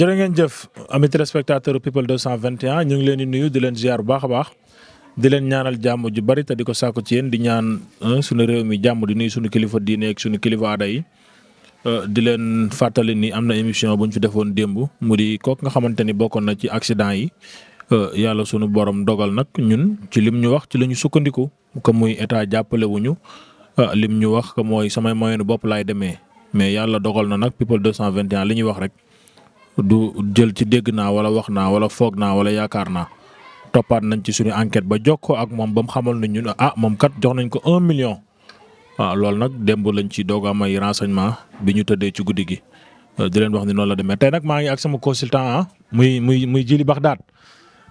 jërë ngeen jëf amit téléspectateur people 221 ñu ngi leen di nuyu di leen ziar bu baax di leen ñaanal jàmm ju bari te di ko sàkku ci yéen di ñaan suñu réew mi jàmm di nuyu suñu kilifa diine ak suñu kilifa aada yi euh, di leen fàttali ni am na émission bu ñu fi defoon démb mu di kook nga xamante ni bokkoon na ci accident yi euh, yàlla sunu borom dogal nag ñun ci lim ñu wax ci la ñu sukkandiku que muy état jàppale wu ñu euh, lim ñu wax que mooy samay moyenu bopp laay demee mais yàlla dogal na nag people 221 li ñuy wax rek. du jël ci dégg naa wala wax naa wala foog naa wala yaakaar naa toppaat nañ ci suñu enquête ba jokkoo ak moom ba mu xamal ne ah moom kat jox nañ ko un million. waaw loolu nag démb lañ ci doog am ay renseignement bi ñu tëddee ci guddi gi euh, di leen wax ni noonu la demee tey nag maa ngi ak sama consultant ah muy muy muy Jili Baxdaat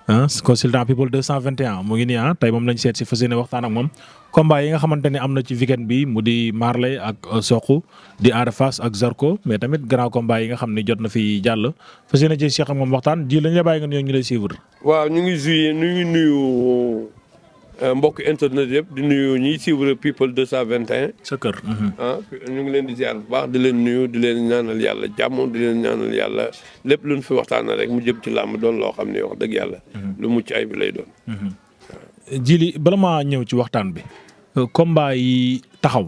ah consultant people 221 mu ngi nii ah tey moom lañ seet si fas yéene waxtaan ak moom combat yi nga xamante am na ci weekend bi mu di Marley ak euh, Sokh di Ada Fass ak Zarko mais tamit grand combat yi nga xam ni jot na fi jàll fas yéene ci Cheikh moom waxtaan ji lañ la bàyyi nga nuyoo ñu lay suivre. waaw ñu ngi ñu ngi nuyu Euh, mbokk internet yëpp di nuyu ñiy suivre people 221. sa kër. Mhm. ah ñu ngi leen di ziar bu baax di leen nuyu di leen ñaanal yàlla jàmm di leen ñaanal yàlla lépp luñ fi waxtaanee rek mu jëm ci làmb doon loo xam ne wax dëgg yàlla. Mhm. lu mucc ay bi lay doon. Mhm. jili bala maa ñëw ci waxtaan bi. Euh, combat yi taxaw.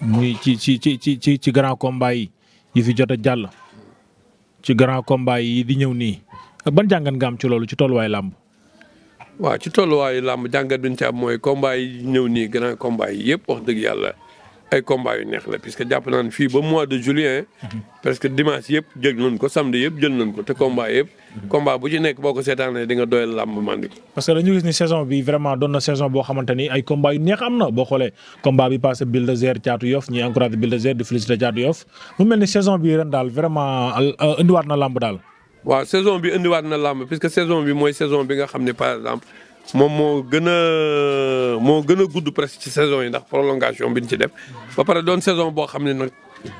muy ci ci ci ci ci ci grand combat yi yi fi jot a jàll. ci grand combat yi di ñëw nii. ban jàngan nga am ci loolu ci tolluwaay làmb. waaw ci tolluwaayu làmb jàngat bi ñu ci am mooy combat yi ñëw nii grand combat yi yëpp wax dëgg yàlla ay combat yu neex la puisque jàpp naan fii ba mois de juillet. parce que dimanche yëpp jël nañ ko samedi yëpp jël nañ ko te combat yëpp. combat bu ci nekk boo ko seetaanee di nga doyal làmb mandi parce que dañu gis ni saison bi vraiment doon na saison boo xamante ni ay combat yu neex am na boo xoolee combat bi passé Bulldozer Thiatou Yoff ñuy encouragé Bulldozer di mel ni saison bi ren daal vraiment euh, indiwaat na daal. waaw saison bi indiwaat na làmb puisque saison bi mooy saison bi nga xam ne par exemple moom moo gën a moo gën a gudd presque ci saison yi ndax prolongation bi ñu ci def ba pare doon saison boo xam ne nag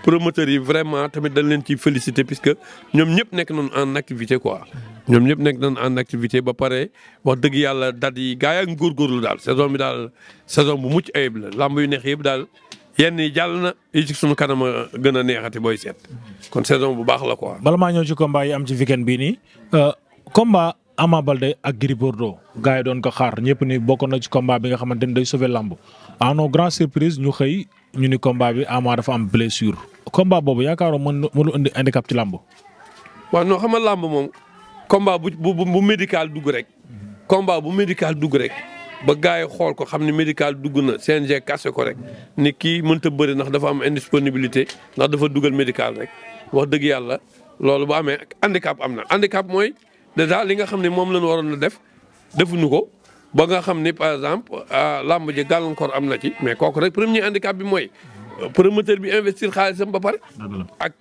promoteur yi vraiment tamit dañ leen ciy féliciter puisque ñoom ñëpp nekk nañ en activité quoi. ñoom ñëpp nekk nañ en activité ba pare wax dëgg yàlla dat yi gaa yaa ngi góorgóorlu daal saison bi daal saison bu mucc ay ayib la làmb yu neex yëpp daal. yenn yi jàll na yi ci kanam a gën a neexati booy seet kon saison bu baax la quoi. bala maa ñëw ci combat yi am ci weekend bii nii euh, combat Ama Baldé ak Gris Bordeaux gars yi doon ko xaar ñëpp ni bokkoon na ci combat bi nga xamante ni day sauver lamb à nos grandes surprises ñu xëy ñu ni combat bi Ama dafa am blessure combat boobu yaakaaroon mën mënu indi handicap ci lamb. waaw non xam nga lamb moom combat bu bu bu médical dugg rek. combat bu médical dugg rek. ba gars yi xool ko xam ne médical dugg na CNG cassé ko rek ni kii mënta bëri ndax dafa am indisponibilité ndax dafa dugal médical rek wax dëgg yàlla loolu bu amee handicap am na. handicap mooy dèjà li nga xam ne moom la ñu waroon a def defuñu ko ba nga xam ni par exemple ah, làmb ji gàllankoor am na ci mais kooku rek premier handicap bi mooy promoteur bi investir xaalisam ba pare. ak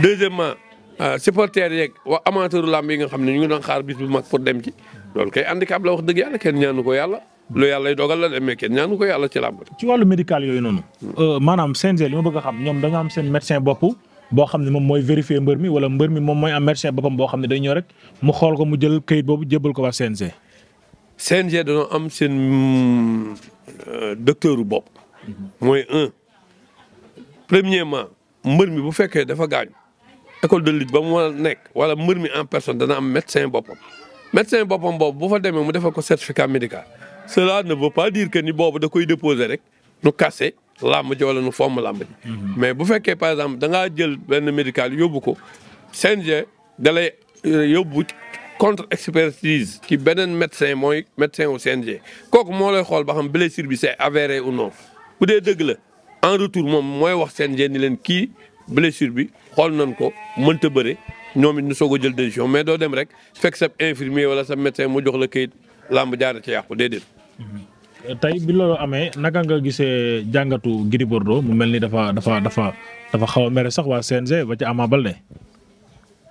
deuxièmement ah, supporters yeeg waa amateuru làmb yi nga xam ne ñu ngi doon xaar bis bu mag pour dem ci loolu kay handicap wax dëgg yàlla kenn ñaanu ko yàlla. lu yàlla lay dogal la de mais kenn ñaanu ko yàlla ci làmb. ci wàllu médical yooyu noonu. Euh, maanaam CNG li ma bëgg a xam ñoom dañoo am seen médecin bopp boo xam ne moom mooy vérifier mbër mi wala mbër mi moom mooy am médecin boppam boo xam mu xool ko mu jël kayit boobu jébbal ko waa CNG. CNG dañoo am seen euh, docteur bu bopp. Mm-hmm. mooy un premièrement mbër mi bu fekkee dafa gaañ école de lutte ba mu war nekk wala mbër mi en personne dana am médecin bopp médecin boppam boobu bu fa demee mu defa ko certificat médical. cela ne veut pas dire que ni boobu da koy déposer rek nu kase làmb ji wala nu fomm làmb ji mhm. mais bu fekkee par exemple da ngaa jël benn médical yóbbu ko CNG da lay euh, yóbbu contre expertise ci beneen médecin mooy médecin wu CNG kooku moo lay xool ba xam blessure bi c'est avéré ou non bu dee dëgg la en retour moom mooy wax CNG ni leen kii blessure bi xool nañ ko mënta bëre ñoom it ñu soog a jël décision mais doo dem rek fekk sa infirmier wala sa médecin mu jox la kayit làmb jaare ca yàqu déedéet. Mhm. tey bi loolu amee naka nga gisee jàngatu Gris mu mel ni dafa dafa dafa dafa xaw a mere sax waa CNG ba ci Ama Baldé.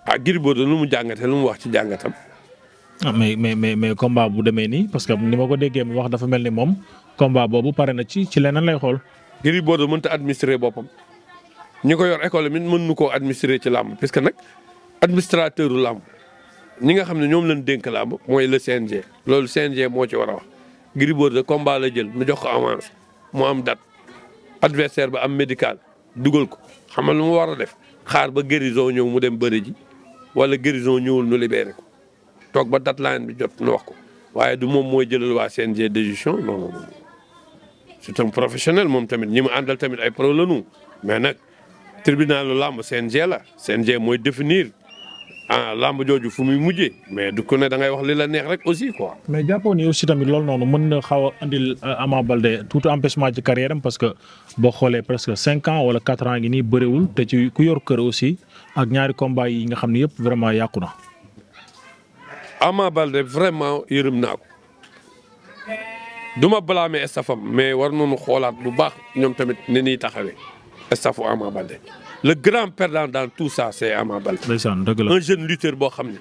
ah Gris Bordeaux lu mu jàngatee lu mu wax ci jàngatam. ah mais mais mais mais combat bu demee nii parce que ni ma ko déggee mu wax dafa mel ni moom combat boobu pare na ci ci leneen lay xool. gribordo Bordeaux mënut a boppam ñu ko yor école mi mën nu ko administrer ci làmb parce que nag administrateur u làmb ñi nga xam ne ñoom lañ dénk làmb mooy le CNG loolu CNG moo ci war a wax Gris Bordeaux combat la jël nu jox ko avance mu am dat adversaire ba am médical dugal ko xam nga lu mu war a def xaar ba guérison ñëw mu dem bëri ji wala guérison ñëwul nu libéré ko toog ba date line bi jot nu wax ko waaye du moom mooy jëlal waa CNG décision non non non c'est un professionnel moom tamit ñi mu àndal tamit ay pro lañu mais nag tribunalu làmb CNG la CNG mooy définir. ah làmb jooju fu muy mujjee mais du ko ne da ngay wax li la neex rek aussi quoi. mais jàppoo ni aussi tamit loolu noonu mën na xaw a andil euh, Ama Baldé tout empêchement ci carrière am parce que boo xoolee presque cinq ans wala quatre ans ngi nii bëriwul te ci ku yor kër aussi ak ñaari combat yi nga xam ne yëpp vraiment yàqu na. Ama Baldé vraiment yërëm naa ko du ma blâmer mais war nañu xoolaat bu baax ñoom tamit ni ñuy taxawee stafu Ama Baldé le grand perdant dans tout ça c'est Ama Baldé. un jeune lutteur boo xam ne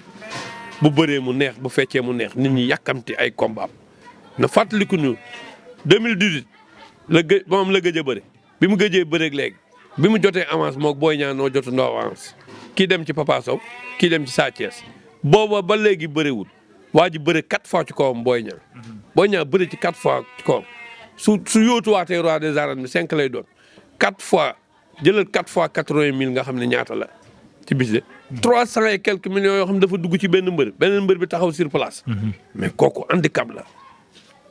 bu bëree mu neex bu feccee mu neex nit ñi yàkkamti ay combat na fàttaliku ñu 2018 la gë moom la gëj a bëri bi mu gëjee bëreeg léegi bi mu jotee avance moog booy ñaan noo jotu ndoo avance kii dem ci Papa kii dem ci Sa Thiès booba ba léegi bëriwul waa ji bëri quatre fois ci kawam booy ñaan mhm. booy ñaan bëri ci quatre fois ci kawam su su yóotuwaatee roi des arènes bi cinq lay doon quatre fois. jëlal quatre fois quatre-vingt mille nga xam ne ñaata la ci budget trois cent et quelques millions yoo xam ne dafa dugg ci benn mbër benn mbër bi taxaw sur place. Mhm. mais kooku handicap la.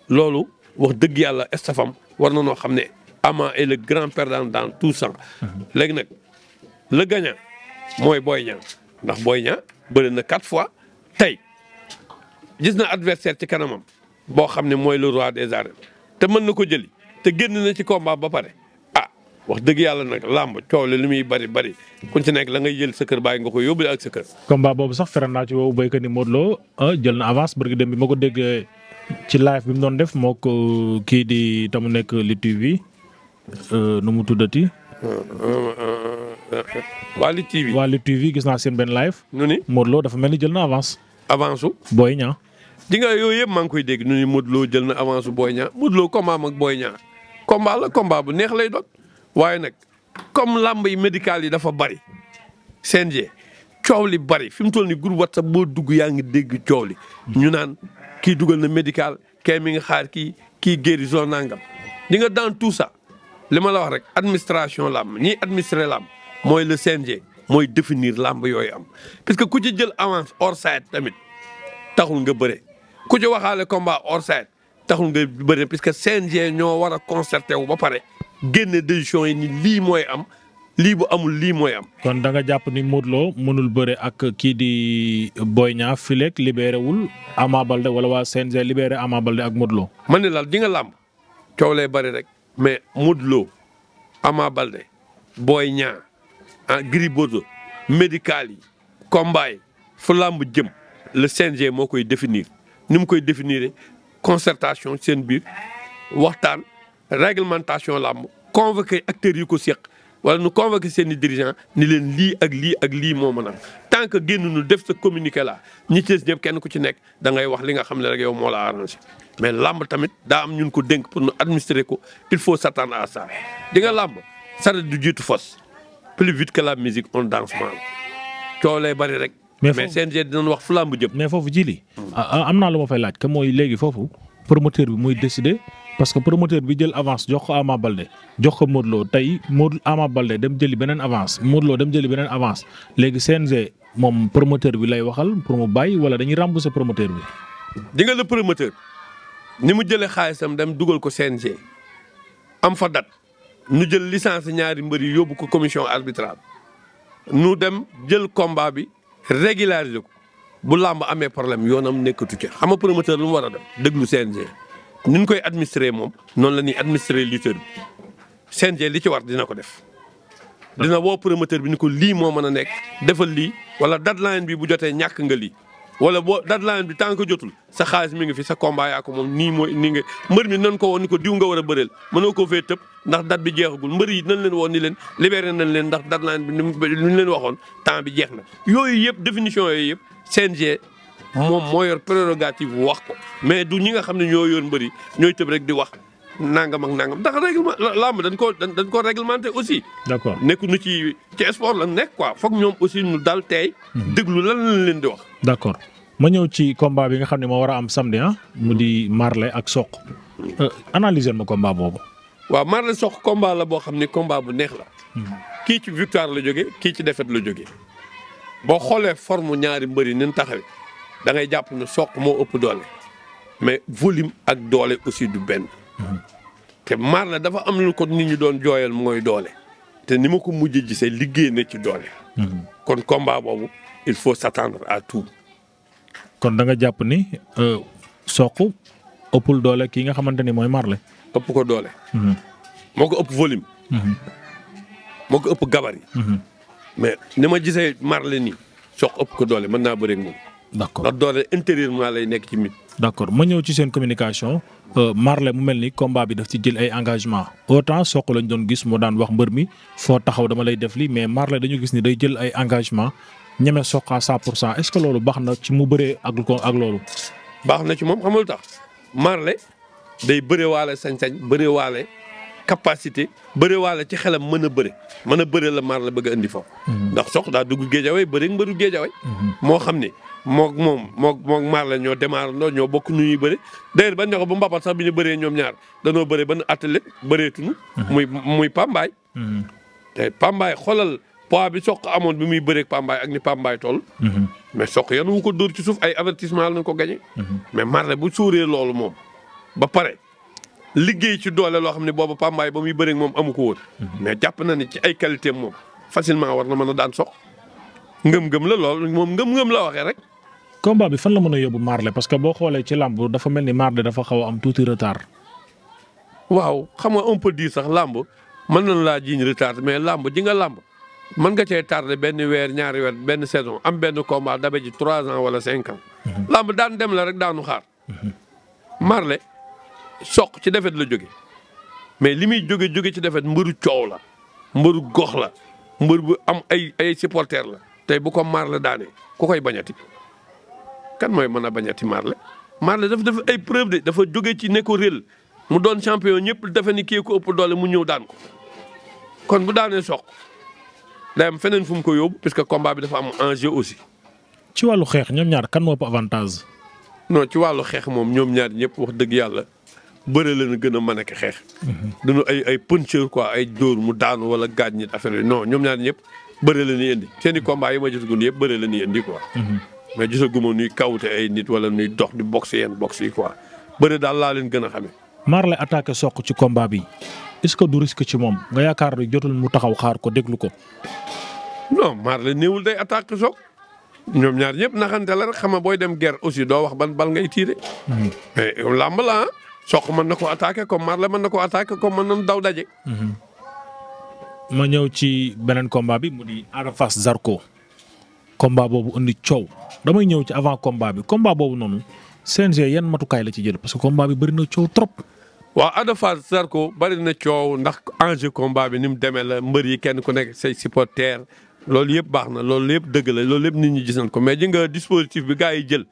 loolu wax dëgg yàlla estafam war na noo xam ne Ama est le grand perdant dans tout ça. Mhm. léegi nag le gagnant mooy Boy Niang ndax Boy Niang bëri na quatre fois tey gis na adversaire ci kanamam boo xam ne mooy le roi des arènes te mën na ko jëli te génn na ci combat ba pare. wax dëgg yàlla nag làmb coow la li muy bari bari ku ci nekk la ngay jël sa kër bàyyi nga ko yóbbu ak sa kër. combat boobu sax feran naa ci woowu béykat yi Modou Lo ah, jël na avance bërgi dem ko déggee ci live bi mu doon def moo ko euh, kii di tamu nekk li TV euh, nu mu tuddati. waa li TV waa li TV gis naa seen benn live. nu ni Modou Lo mel ni jël na avance. avance su Boy Niang. nga yooyu yëpp maa ngi koy dégg nu ni Modou jël na avance booy Boy Niang Modou Lo combat la combat bu neex lay doon. waaye nag comme làmb yi médical yi dafa bari CNG coow li bari fi mu toll ni groupe WhatsApp boo dugg yaa ngi dégg coow li. ñu naan kii dugal na médical kee mi nga xaar kii kii guérison nangam di nga dans tout sax li ma la wax rek administration làmb ñiy administrer làmb mooy le CNG mooy définir làmb yooyu am. parce que ku ci jël avance hors site tamit taxul nga bëre ku ci waxaale combat hors site taxul nga bëre parce que CNG ñoo war a concerté wu ba pare. génne décision yi ni lii mooy am lii bu amul lii mooy am. kon da nga jàpp ni Modou mënul bëre ak kii di Boy Niang fileeg libéré wul Ama wala waa CNG libéré Ama ak Modou Lo. man ne di nga làmb coow lay bari rek mais Modou Lo Ama Baldé Boy Niang ah Gris Bordeaux fu làmb jëm le CNG moo koy définir ni mu koy définir concertation seen biir waxtaan. réglementation làmb convoqué acteurs yu ko seq wala nu convoqué seen i dirigeant ni leen lii ak lii ak lii moo mën a tant que génn nu def sa communiqué la ñi ci des kenn ku ci nekk dangay ngay wax li nga xam ne rek yow moo la arrangé mais làmb tamit daa am ñun ko dénk pour nu administrer ko il faut s'attendre à ça di nga làmb saret du jiitu fos plus vite que la musique on danse mal coow lay bari rek. mais foofu mais CNG dinañ wax fu làmb jëm. mais foofu ji am naa lu ma fay laaj que mooy léegi foofu promoteur bi muy décider. parce que promoteur bi jël avance jox ko Ama Balde jox ko Modou Lo tey Modou Ama Balde dem jëli beneen avance Modou dem jëli beneen avance léegi CNG moom promoteur bi lay waxal pour mu bàyyi wala dañuy rembourser promoteur bi. di nga le promoteur ni mu jëlee xaalisam dem dugal ko CNG am fa dat ñu jël licence ñaari mbër yi yóbbu ko commission arbitrale ñu dem jël combat bi régulariser ko bu làmb amee problème yoonam nekkatu ca xam nga promoteur lu mu war a def déglu CNG. ni ñu koy administrer moom noonu la ñuy administrer lutteur bi CNG li ci war dina ko def. dina woo promoteur bi ni ko lii moo mën a nekk defal lii wala deadline bi bu jotee ñàkk nga li wala boo deadline bi tant que jotul sa xaalis mi ngi fi sa combat moom nii mooy nii nga mbër mi nan ko woon ni ko diw nga war a ma mënoo ko fee tëb ndax date bi jeexagul mbër yi nañ leen woo ni leen libéré nañ leen ndax deadline bi ni mu leen waxoon temps bi jeex na. yooyu yëpp définition yëpp CNG moom moo yor prérogative bu wax ko mais du ñi nga xam ne ñoo mbër yi ñooy tëb rek di wax nangam ak nangam ndax réglement làmb dañ ko dañ ko réglementé aussi. d'accord nekk nu ci ci sport la nekk quoi foog ñoom aussi ñu dal tey. Mhm. déglu lan lañ leen di wax. d'accord ma ñëw ci combat bi nga xam ne moo war a am samedi ah. mu di Marley ak soq euh, analyser ma combat boobu. waaw Marley soq combat la boo xam ne combat bu neex la. Mhm. kii ci victoire la jóge kii ci défaite la jóge boo xoolee forme ñaari mbëri nañ taxawee. da ngay jàpp ne soq moo ëpp doole mais volume ak doole aussi du benn te maar la dafa am lu ko ni ñu doon jooyal mooy doole te ni ma ko mujj gisee liggéey na ci doole kon combat boobu il faut s'attendre à tout kon da nga jàpp ni euh, soq ëppul doole ki nga xamante ni mooy marle ëpp ko doole mhm. moo ko ëpp volume mhm. moo ko ëpp gabarit mhm. mais ni ma gisee marle nii soq ëpp ko doole mën naa bëreek moom d'accord ndax doole intérieurement lay nekk ci nit. d'accord ma ñëw ci seen communication euh, Marley mu mel ni combat bi daf ci jël ay engagement autant Sokh lañ doon gis moo daan wax mbër mi foo taxaw dama lay def lii mais Marley dañu gis ni day jël ay engagement ñeme Sokh à 100 pour cent est-ce loolu baax na ci mu bëree ak ko ak loolu. baax na ci moom xamul tax Marley day bërewaale sañ-sañ bërewaale capacité bërewaale ci xelam mën a bëre mën a bëre la Marley bëgg a indi foofu. Mhm. ndax Sokh daa dugg géejawaay bëre mbëru géejawaay mhm. moo xam ne mook moom moog moog maar la ñoo démarrandoo ñoo bokk ñu ñuy bëri d'ailleurs bañ ne ko ba mbapat sax bi ñu bëree ñoom ñaar danoo bëree ban athlète bëreetuñu. Mhm. muy muy Pambaay. Mhm. te Pambaay xoolal poids bi soq amoon bi muy bëree Pambaay ak ni Pambaay toll. Mhm. mais soq yanu wu ko dóor ci suuf ay avertissement lañ ko gagné. mais Marley bu suuree loolu moom ba pare. liggéey ci doole loo xam ne boobu Pambaay ba muy bëreeg moom amu ko woon. mais jàpp na ne ci ay qualité moom facilement war na mën a daan soq. ngëm-ngëm la lool moom ngëm-ngëm la waxee rek. combat bi fan la mën a yóbbu Marley parce que boo xoolee ci làmb dafa mel ni Marley dafa xaw a am tuuti retard. waaw xam nga on peut sax làmb mën nañ laa jiiñ retard mais làmb ji nga làmb mën nga cee tardé benn weer ñaari weer benn saison am benn combat dabe ji trois ans wala cinq ans. Mhm. làmb daan dem la rek daanu xaar. Mhm. Marley soq ci defet la jóge mais li muy jóge jóge ci defet mbëru coow la mbëru gox la mbër bu am ay ay supporter la tey bu ko Marley daanee ku koy bañati. kan mooy mën a bañati Marley Marley dafa def ay preuve de dafa jóge ci ne ko réel mu doon champion ñëpp defe ni kii ko ëpp doole mu ñëw daan ko kon bu daanee soq day am feneen fu mu ko yóbbu que combat bi dafa am enjeu aussi. ci wàllu xeex ñoom ñaar kan moo ëpp avantage. non ci wàllu xeex moom ñoom ñaar ñëpp wax dëgg yàlla bëre la gën a mën a xeex. Mhm. duñu ay ay puncheur quoi ay dóor mu daanu wala gaañ nit affaire yooyu non ñoom ñaar ñëpp bëre la ñuy indi seen yi ma jot yëpp bëre la ñuy indi quoi. Mhm. mais gisaguma nuy kawute ay nit wala nuy dox di boxe yenn boxe yi bëri daal laa leen gën a xamee. Marley attaqué Sokh ci combat bi est-ce que du risque ci moom nga yaakaar ne jotul mu taxaw xaar ko déglu ko. non Marley néewul day attaqué Sokh ñoom ñaar ñëpp naxante la rek xam nga booy dem ger aussi doo wax ban bal ngay tiire. Mhm. mais làmb la ah. Sokh mën na ko attaqué comme Marley mën na ko attaqué comme mën nañu daw daje. Mhm. ma ñëw ci beneen combat bi mu di Ada Fass combat boobu indi coow damay ñëw ci avant combat bi combat boobu noonu CNG yan matukaay la ci jël parce que combat bi bëri na coow trop. waaw Ada Fass Zarko bëri coow ndax enjeu combat bi ni mu demee la mbër yi kenn ku nekk say supporter loolu yëpp baax na loolu yëpp dëgg la loolu yëpp nit ñi gis nañ ko mais ji nga dispositif bi gars yi jël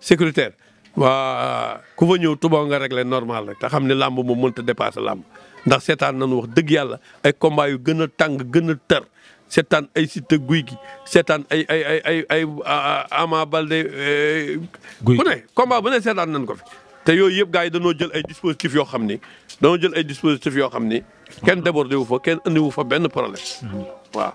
sécuritaire. waa ku fa ñëw tubaab nga régler normal rek te xam ne làmb moom mënut a dépasser làmb ndax seetaan nañu wax dëgg yàlla a a tër seetaan ay Siteu guy gi seetaan ay ay ay ay ay ah, Ama Baldé. Eh, guy bu ne combat bu ne seetaan nañ ko fi. te yooyu yëpp gars yi dañoo jël ay dispositifs yoo xam ni dañoo jël ay dispositifs yoo xam ni kenn débordé wu fo kenn andi wu fa benn problème mhm. waa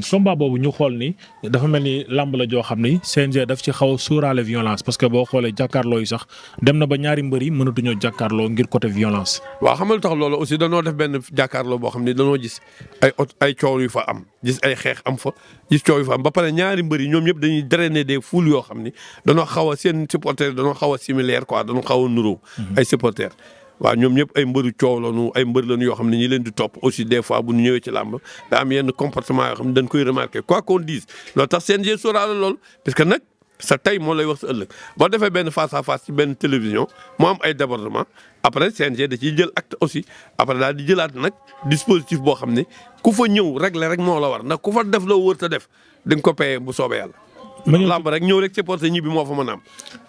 somba hmm, boobu ñu xool ni dafa mel ni làmb la joo xam ni CNG daf ci xaw a suuraale violence parce que boo xoolee jàkkaarloo yi sax dem na ba ñaari mbër yi mënatuñoo jàkkaarloo ngir côté violence. waaw xam nga lu tax loolu aussi danoo def benn jàkkaarloo boo xam ni danoo gis ay ot ay coow yu fa am gis ay xeex am fa gis coow yu fa am ba pare ñaari mbër yi ñoom yëpp dañuy drainer de foules yoo xam ni danoo xaw a seen supporters danoo xaw a similaire ko danoo xaw a nuroo hmm. ay supporters. waa ñoom ñëpp ay mbëru coow lañu ay mbër lañu yoo xam ne ñi leen di top aussi des fois bu ñu ñëwee ci làmb daa am yenn comportement yoo xam ne dañ koy remarqué quoi qu'on dise loolu tax CNG sóoraale lool parce que nag sa tey moo lay wax sa ëllëg boo defee benn face à face ci benn télévision mu am ay débordement après CNG da ciy jël acte aussi après daal di jëlaat nag dispositif boo xam ne ku fa ñëw régler rek moo la war ndax ku fa def loo wër ta def di ko payee bu soobee yàlla. ma ñëw rek ñëw rek supporter ñibbi moo fa mën a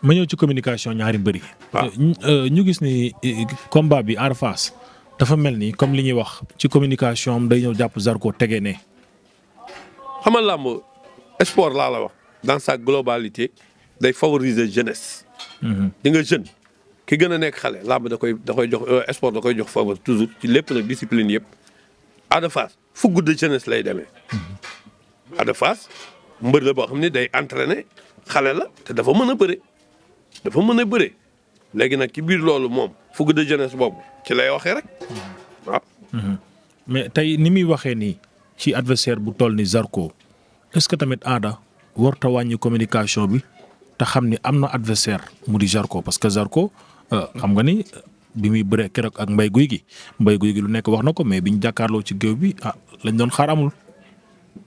ma ñëw ci communication ñaari mbëri. waaw euh, euh, ñu gis ni euh, combat bi Ada Fass dafa mel ni comme li ñuy wax ci communication am day ñëw jàpp Zarko tegee ne. xamal nga làmb sport laa la wax dans sa globalité day favoriser jeunesse. Mhm. di nga jeune ki gën a nekk xale làmb da koy da koy jox sport da koy jox faveur toujours ci lépp nag discipline yëpp Ada Fass fougue de jeunesse lay demee. Mhm. mbër la boo xam ne day entraîné xale la te dafa mën a bëre dafa mën a bëre léegi nag ci biir loolu moom fougue de jeunesse boobu ci lay waxee rek waaw. Mhm. mais tey ni muy waxee nii ci adversaire bu toll ni Zarko est-ce que tamit aada warut a wàññi communication bi te xam ni am na adversaire mu di Zarko parce que Zarko euh, xam nga ni. bi muy bëree keroog ak mbay guy gi mbay guy gi lu nekk wax na ko mais biñ jàkkaarloo ci géew bi ah lañ doon xaar amul.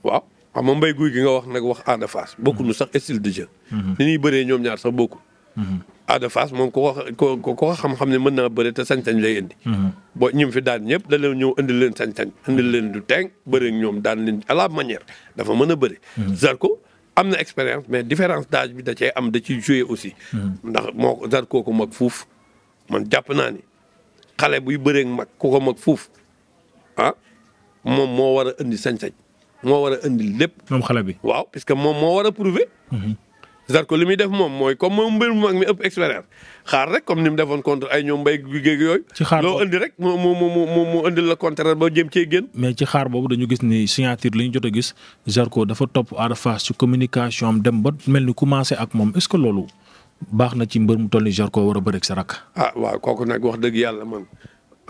waaw xam nga mbay guy gi nga wax nag wax Ada Fass bokkuñu sax style de jeu. Mhm. ni ñuy bëree ñoom ñaar sax bokkul. Mhm. Ada Fass moom ko ko ko ko xam-xam ne mën naa bëre te sañ-sañ lay indi. Mhm. boo ñim fi daan ñëpp da leen ñëw indi leen sañ-sañ indi leen du teng bëri ñoom daan leen à la manière dafa mën a bëri. ko am na expérience mais différence d'âge bi da cee am da ciy joué aussi. ndax moo ko Zarko ko mag fuuf man jàpp naa ni xale buy bëree mag ku ko mag fuuf ah moom moo war a indi sañ-sañ. moo war a indi lépp. moom xale bi waaw parce que moom moo war a prouver. Zarko mhm. li muy def moom mooy comme moom mbir mu mag mi ëpp expérience xaar rek comme ni mu defoon contre ay ñoom mbay gi géeg yooyu. ci xaar loo indi rek moo moo la contraire ba jëm cee génn. mais ci xaar boobu dañu gis ni signature li ñu jot a gis Zarko dafa topp Ada Fass ci communication am dem ba mel ni commencé ak moom est-ce que loolu baax na ci mbër mu toll ni Zarko war a bëreeg sa rakk. ah waaw kooku nag wax dëgg yàlla man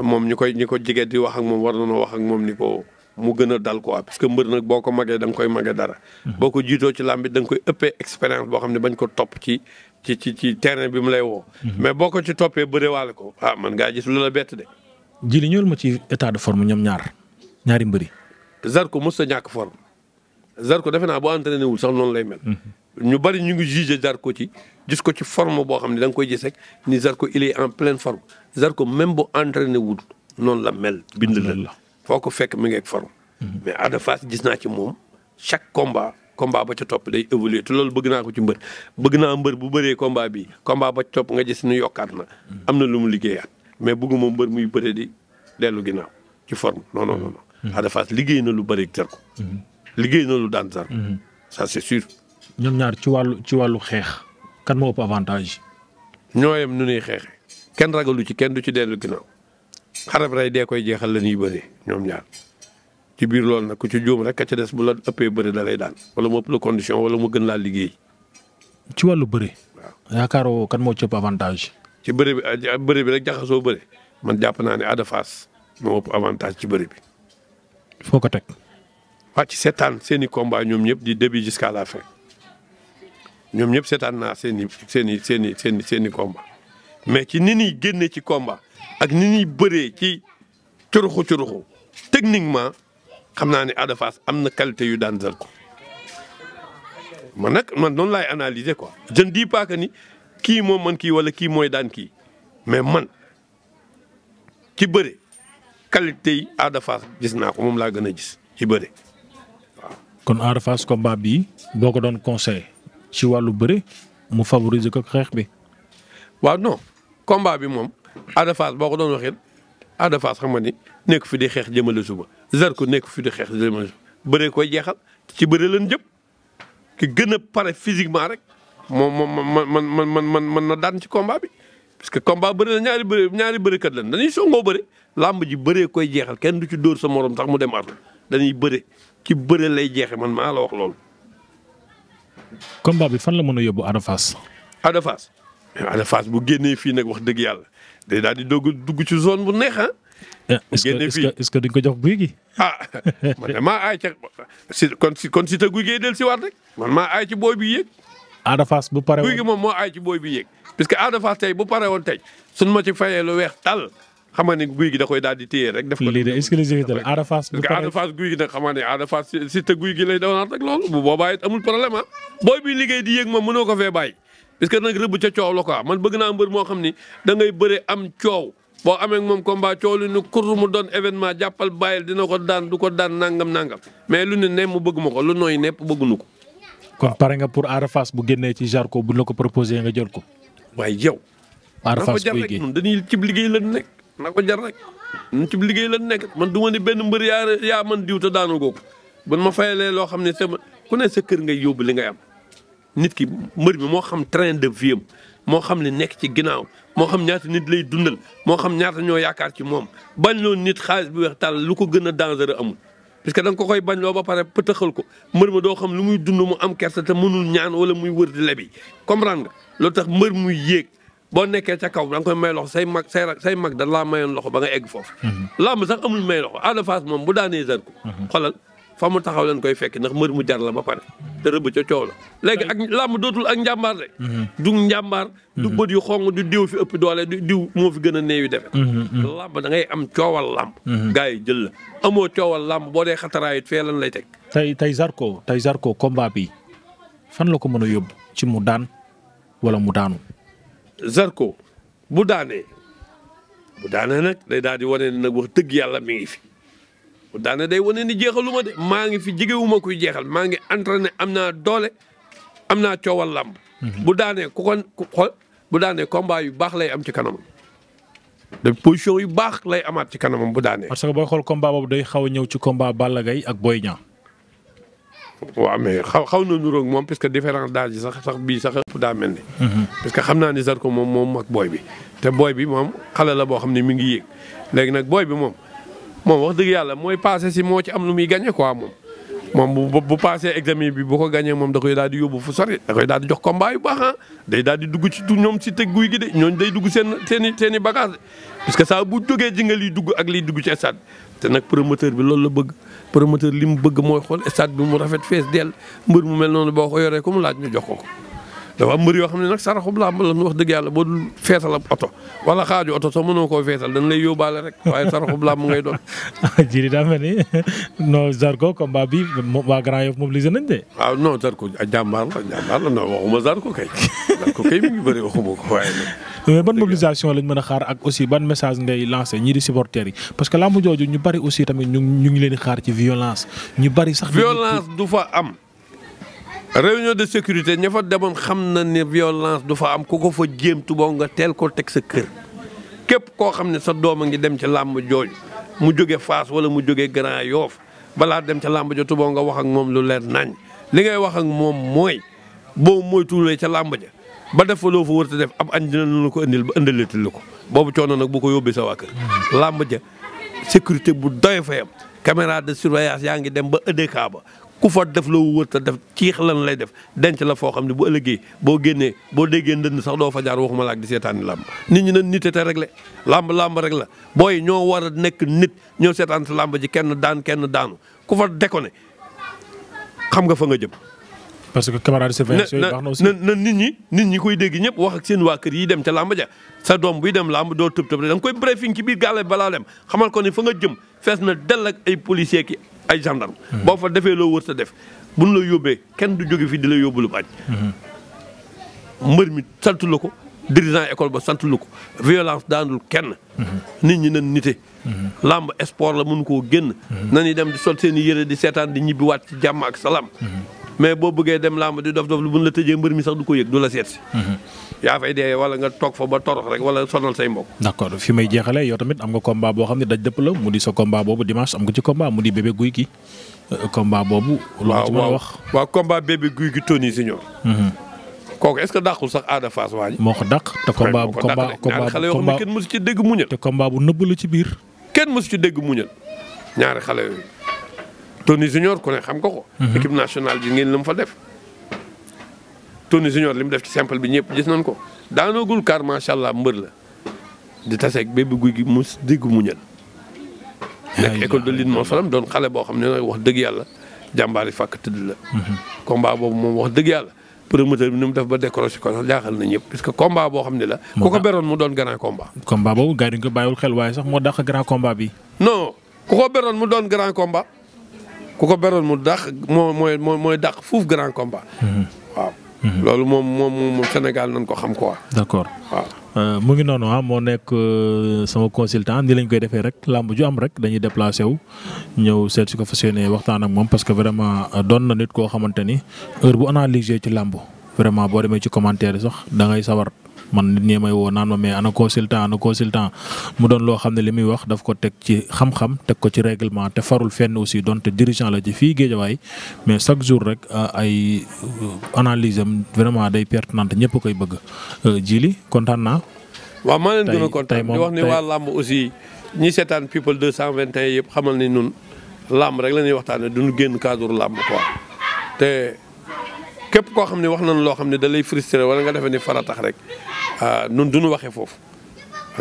moom ñu koy ñi ko jege di ak moom war nañoo wax ak moom ni ko. mu gën a dal quoi parce que mbër nag boo ko magee da nga koy magee dara. boo ko jiitoo ci làmb bi da koy ëppee expérience boo xam ne bañ ko topp ci ci ci ci terrain bi mu lay woo. Mhm. mais boo ko ci toppee bërewaale ko ah man ngaa gis lu la bett de. ji li ñëwal ma ci état de forme ñoom ñaar ñaari mbëri. Zarko mos a ñàkk forme Zarko defe naa boo entraîné wul sax noonu lay mel. Mhm. ñu bari ñu ngi jar ko ci gis ko ci forme boo xam ne da koy gis rek ni Zarko il en pleine forme Zarko même bu entraîné wul noonu la mel. bind la foo ko fekk mu ngi ak forme. Mhm. mais Ada Fass gis naa ci moom chaque combat combat ba ca topp day évoluer te loolu bëgg naa ko ci mbër bëgg naa mbër bu bëree combat bi combat ba ca topp nga gis nu yokkaat na. Mhm. am na lu mu liggéeyaat mais bëgguma mbër muy bëre di dellu ginnaaw ci forme non non non. Mhm. liggéey na lu bëri Zarko. liggéey na lu daan Zarko. ça c'est ñoom ñaar ci wàllu ci wàllu xeex. kan moo ëpp avantage. ñoo nu ñuy xeexee kenn ragalu ci kenn du ci dellu ginnaaw. xarab rey dee koy jeexal la ñuy bëri ñoom ñaar ci biir lool na ku ci juum rek ka ca des bu la ëppee bëri da lay daan wala mu ëpp la condition wala mu gën laa liggéey. ci wàllu bëri. waaw yaakaaroo kan moo ci ëpp avantage. ci bëri bi ah, bëri bi rek jaxasoo bëri man jàpp naa ne Ada fas moo ëpp avantage ci bëri bi. foo ko teg. waa ci seetaan seen i ñoom ñëpp di début jusqu'à la fin ñoom ñëpp seetaan naa seeni i seen i seeni i seen i seeni i mais ci ni ñuy génne ci combat. ak ni ñuy bëree ci curuxu curuxu techniquement xam naa ni Ada Fass am na qualité yu daan Zarko man nag ma noonu laay analise ko jën di dis ni kii moom man kii wala kii mooy daan kii mais man ci bëre qualité yi Ada gis naa ko moom laa gën a gis ci bëre kon Ada Fass combat bii boo ko doon conseil ci wàllu bëre mu favoriser ko xeex bi. waaw non combat bi moom. Ada boo ko doon waxee Ada Fass nekk fi di xeex jëmale suba Zarko nekk fi di xeex jëmale suba bëree koy jeexal ci bëre leen jëm ki gën a pare physiquement rek moom moom man man man man man na daan ci combat bi. parce que combat bëri na ñaari bëri ñaari bërikat lañ dañuy songoo bëri làmb ji bëree koy jeexal kenn du ci dóor sa moroom sax mu dem àll dañuy bëri ci bëre lay jeexe man maa la wax loolu. combat bi fan la mën a yóbbu Ada Fass. Ada bu génnee fii nag wax dëgg yàlla. day daal di dugg dugg ci zone bu neex ah. Eh, génne que duñ ko jox guy gi. ah man de maa aay si kon si ci booy bi yéeg. Ada bu pare woon moom moo aay ci booy bi yéeg. puisque Ada Fass tey bu pare woon ma ci fayee lu weex tal xam nga da koy daal di rek. def ko lii de exclusivité la Ada Fass bu pare Ada Fass guy gi nag xam nga ne si te guy lay dawanaat rek loolu bu boobaa it amul problème ah. booy bi liggéey di yéeg moom mënoo ko fee bàyyi. parce que nag rëbb ca coow la quoi man bëgg naa mbër moo xam ni da ngay bëre am coow boo amee moom combat coow lu ni kur mu doon événement jàppal bàyyil dina ko daan du ko daan nangam nangam mais lu ne ne mu bëgg ko lu nooy nepp bëgguñu ko. kon pare nga pour Ada Fass bu génnee ci Zarko bu na ko proposé nga jël ko. waaye yow. Ada Fass buy génn dañuy cib liggéey lan nekk na ko jar rek. ñun cib liggéey la nekk man du ma ni benn mbër yaa yaa man diw te daanu googu man ma fayalee loo xam ne sama ku ne sa kër ngay yóbbu li ngay am. nit ki mbër mi moo xam train de vie am moo xam li nekk ci ginnaaw moo xam ñaata nit lay dundal moo xam ñaata ñoo yaakaar ci moom bañ loolu nit xaalis bi weex tàll lu ko gën a dangereux amul. parce que da ko koy bañ loo ba pare pëtëxal ko mbër ma doo xam lu muy dund mu am kersa te mënul ñaan wala muy wër di lebi comprendre nga loolu tax mbër muy yéeg. boo nekkee ca kaw da nga koy may loxo say mag say say mag da laa mayoon loxo ba nga egg foofu. Mm-hmm. làmb sax amul may loxo Ada Fass moom bu daanee zar ko. Mm-hmm. xolal fa mu taxaw leen koy fekk ndax mbër mu jar la ba pare te rëbb ca coow la léegi ak làmb dootul ak njàmbaar de mhm. du njàmbaar du mhm. bët yu xong du diw fi ëpp doole du diw moo fi gën a néew yu defe mhm, làmb da ngay am coowal làmb gars yi jël la amoo coowal làmb boo dee xataraayit fee lan lay teg tey tey Zarko tey Zarko combat bi fan la ko mën a yóbbu ci mu daan wala mu daanu Zarko bu daanee bu daanee nag day daal di wane nag wax dëgg yàlla mi ngi fi daane day wane ni jeexaluma de maa ngi fi jigéewuma kuy jeexal maa ngi entraîné am naa doole am naa coowal làmb mhm. bu daanee ku ko xool bu daanee combat yu baax lay am ci kanamam. de position yu baax lay amaat ci kanamam bu daanee. parce que booy xool combat boobu day xaw a ñëw ci combat Balla Gaye ak Boy Niang. waaw mais xaw xaw na nuroog moom parce que différence d'âge sax sax bii sax ëpp daa mel ni. Mhm. parce que xam naa ni Zarko moom moom mag booy bi. te booy bi moom xale la boo xam ne mi ngi yéeg léegi nag booy bi moom. moom wax dëgg yàlla mooy passé si moo ci am lu muy gagné quoi moom. moom bu bu passé examen bi bu ko gañee moom da koy daal di yóbbu fu sori da koy daal di jox combat yu baax ah day daal di dugg ci ñoom si teg guy gi de ñooñu day dugg seen seen i seen i parce que saa bu jógee ji nga liy dugg ak liy dugg ci stade te nag promoteur bi loolu la bëgg promoteur li mu bëgg mooy xool stade bi mu rafet fees dell mbër mu mel noonu boo ko yoree ko mu laaj ñu jox ko ko. dafa am mbër yoo xam ne nag saraxub làmb la nu wax dëgg yàlla boo dul ab oto wala xaaju oto sax mënoo koo feetal dañ lay yóbbaale rek waaye saraxub làmb ngay doon. jërëjëf daa mel ni non Zarko combat bi waa Grand Yoff mobilisé nañ de. waaw non Zarko jàmbaar ngi bëri waxuma ko waaye mais ban mobilisation lañ mën a xaar ak aussi ban message ngay lancé ñii di supporters yi parce que làmb jooju ñu bari aussi tamit ñu ngi leen di xaar ci violence ñu bari sax. du fa am. réunion de sécurité ña fa demoon xam na ne violence du fa am ku ko fa jéem tuboo nga teel ko teg sa kër képp koo xam ne sa doom a ngi dem ci làmb jooj mu jóge Fass wala mu jóge Grand Yoff balaa dem ca làmb ja tuboo nga wax ak moom lu leer nañ li ngay wax ak moom mooy boobu mooy tuulee ca làmb ja ba def fa loo fa wërta def ab añ dina la ko indil ba indaleetil la ko boobu coono nag bu ko yóbbee sa waa kër làmb ja sécurité bu doy fa yam caméra de surveillance yaa ngi dem ba EDK ku fa def loo wër te def ciix lan lay def denc la foo xam ne bu ëllëgee boo génnee boo déggee ndënd sax doo fa jaar waxuma la ak di seetaani làmb nit ñi nan nite te rek la làmb làmb rek la booy ñoo war a nekk nit ñoo seetaan si làmb ji kenn daan kenn daanu ku fa dekone xam nga fa nga jëm parce que camarade de surveillance nit ñi nit ñi koy dégg ñëpp wax ak seen waa kër yi dem ca làmb ja sa doom buy dem làmb doo tëb tëb da nga koy briefing ci biir gaale balaa dem xamal ko ni fa nga jëm fees na dell ak ay policier ay gendarme hmm. boo fa defee loo wër sa def bu ñu la yóbbee kenn du jóge fii di la yóbbu lu bañ hmm. mbër mi sant la ko dirigeant école ba sant la ko violence daanul kenn hmm. nit ñi nan nite làmb sport la mënu koo génn nañu dem di sol seen i yére di seetaan di ñibbi waat ci jàmm ak salaam mais boo bëggee dem làmb di dof dof lu buñ la tëjee mbër mi sax du ko yëg du la seet si mhm. yaa fay dee wala nga toog fa ba torox rek wala sonal say mbokk d'accord fi may jeexalee yow tamit am nga combat boo xam ne daj dëpp la mu di sa combat boobu dimanche am nga ci combat mu di bébé guy gi euh, combat boobu lu ci mën wax waaw combat bébé guy gi Tony Junior mhm. kooku est que dàqul sax aada faas waa ji moo ko dàq te combat bu combat combat xale yoo xam ne kenn mosu ci dégg muñal te combat bu nëbb la ci biir kenn mosu ci dégg muñal ñaari xale yooyu Tony Junior ku ne xam nga ko. Mhm. équipe nationale bi ngeen la mu fa def. Tony Junior li mu def ci simple bi ñëpp gis nañ ko daanoogul car macha allah mbër la di taseeg bébé guy gi mu dégg mu ñal nekk école de lutte moo faram doon xale boo xam ne nag wax dëgg yàlla jàmbaari fàkk tëdd la. Mhm. combat boobu moom wax dëgg yàlla promoteur bi ni mu def ba décroché ko sax jaaxal na ñëpp parce que combat boo xam ne la. ku ko beroon mu doon grand combat. combat boobu gars yi dañ waaye sax moo dàq grand combat bi. non ku mu doon grand combat. ku ko beroon mu dàq moo mooy mooy dàq fuuf grand combat. waaw. loolu moom moom moom Sénégal nañ ko xam quoi. d'accord waaw. Euh, mu ngi noonu ah moo nekk euh, sama consultant ni lañ koy defee rek làmb ju am rek dañuy déplacé wu ñëw seet si ko fas yéene waxtaan ak moom parce que vraiment euh, doon na nit koo xamante ni heure bu analysé ci làmb vraiment boo demee ci commentaire sax da sawar. man nit ñi may woo naan ma mais ana consultant ana consultant mu doon loo xam ne li muy wax daf ko teg ci xam-xam teg ko ci réglement te farul fenn aussi donte dirigeant la ji fii Géejawaay mais chaque jour rek euh, ay euh, analyse am vraiment day pertinente ñëpp koy bëgg euh, jili kontaan naa. waaw maa leen gën a kontaan wax ne waa làmb aussi ñi seetaan people 221 yëpp xamal ni ñun làmb rek la ñuy waxtaanee du génn cadre làmb quoi képp koo xam ne wax nañ loo xam ne da lay frustré wala nga defee ni fara tax rek nun ah, duñu waxee foofu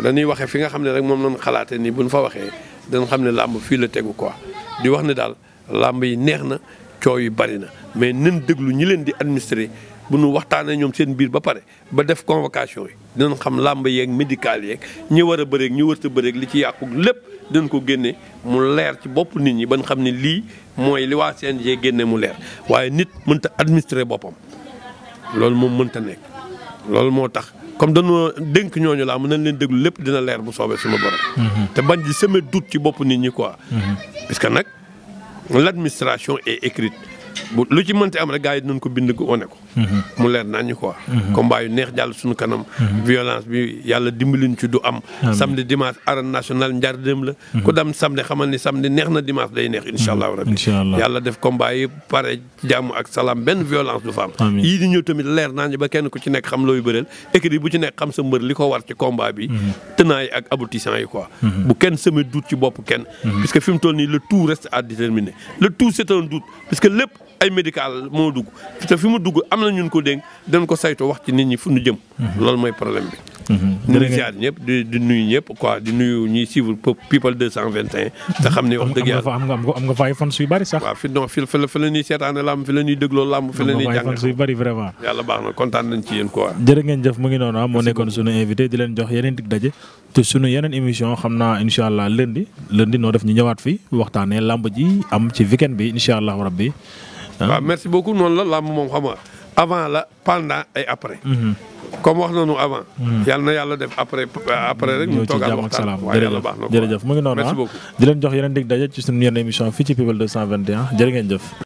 dañuy waxe fi nga xam ne rek moom lañ xalaatee bu buñ fa waxee dañ xam ne làmb fii la tegu quoi di wax ne daal làmb yi neex na coow yi bari na mais nin déglu ñi leen di administrer bu nu waxtaanee ñoom seen biir ba pare ba def convocation yi dinañ xam làmb yeeg médical yeeg ñi war a bëreeg ñi wërta bëreek li ci yàqu lépp dinañ ko génne mu leer ci bopp nit ñi ba xam ne lii mooy li waa CNG génne mu leer waaye nit mënta administrer boppam loolu moom mënta nekk. loolu moo tax comme dañoo dënk ñooñu laa mën nañ leen déglu lépp dina leer bu soobee suma borom. Mm-hmm. te bañ di semer doute ci bopp nit ñi quoi. Mm-hmm. parce que nag l'administration et écrite bu lu ci mënti am rek gaa yi dinañ ko bind ko wane ko. Mm-hmm. mu leer nañu quoi. Mm-hmm. combat yu neex jàll suñu kanam. Mm-hmm. violence bi yàlla dimbaliñ ci du am. samedi dimanche arène nationale njar la. ku dem samedi xamal ni samedi neex na dimanche day neex incha allahu rabi. yàlla def combat yi pare jàmm ak salaam benn violence du fa am. yii di ñëw tamit leer nañu ba kenn ku ci nekk xam looy bëreel écrit bu ci nekk xam sa mbër li ko war ci combat bi. tenants ak aboutissants yi quoi. bu kenn semé doute ci bopp kenn. parce que lépp la ñun ko dénk dañ ko saytu wax ci nit ñi fu ñu jëm. Mhm. loolu mooy problème bi. dëgg la ñu ñëpp di di nuyu ñëpp quoi di nuyu ñuy suivre people 221. te xam ne wax dëgg yàlla am fan suy bari sax. fi non seetaane làmb fi la ñuy dégloo làmb fi la ñuy fan suy bari vraiment. yàlla baax na kontaan nañ ci yéen quoi. jërë ngeen jëf mu ngi noonu ah moo nekkoon sunu invité di leen jox yeneen dig daje te sunu yeneen émission xam naa incha allah lundi lundi avant la pendant et après. Mhm. comme wax nañu avant. Mhm. yal na yàlla def après après rek ñu toogal waxtaan waaye ah. jox yeneen dig daje ci suñu yenn émission fii ci People 221 jërë ngeen jëf.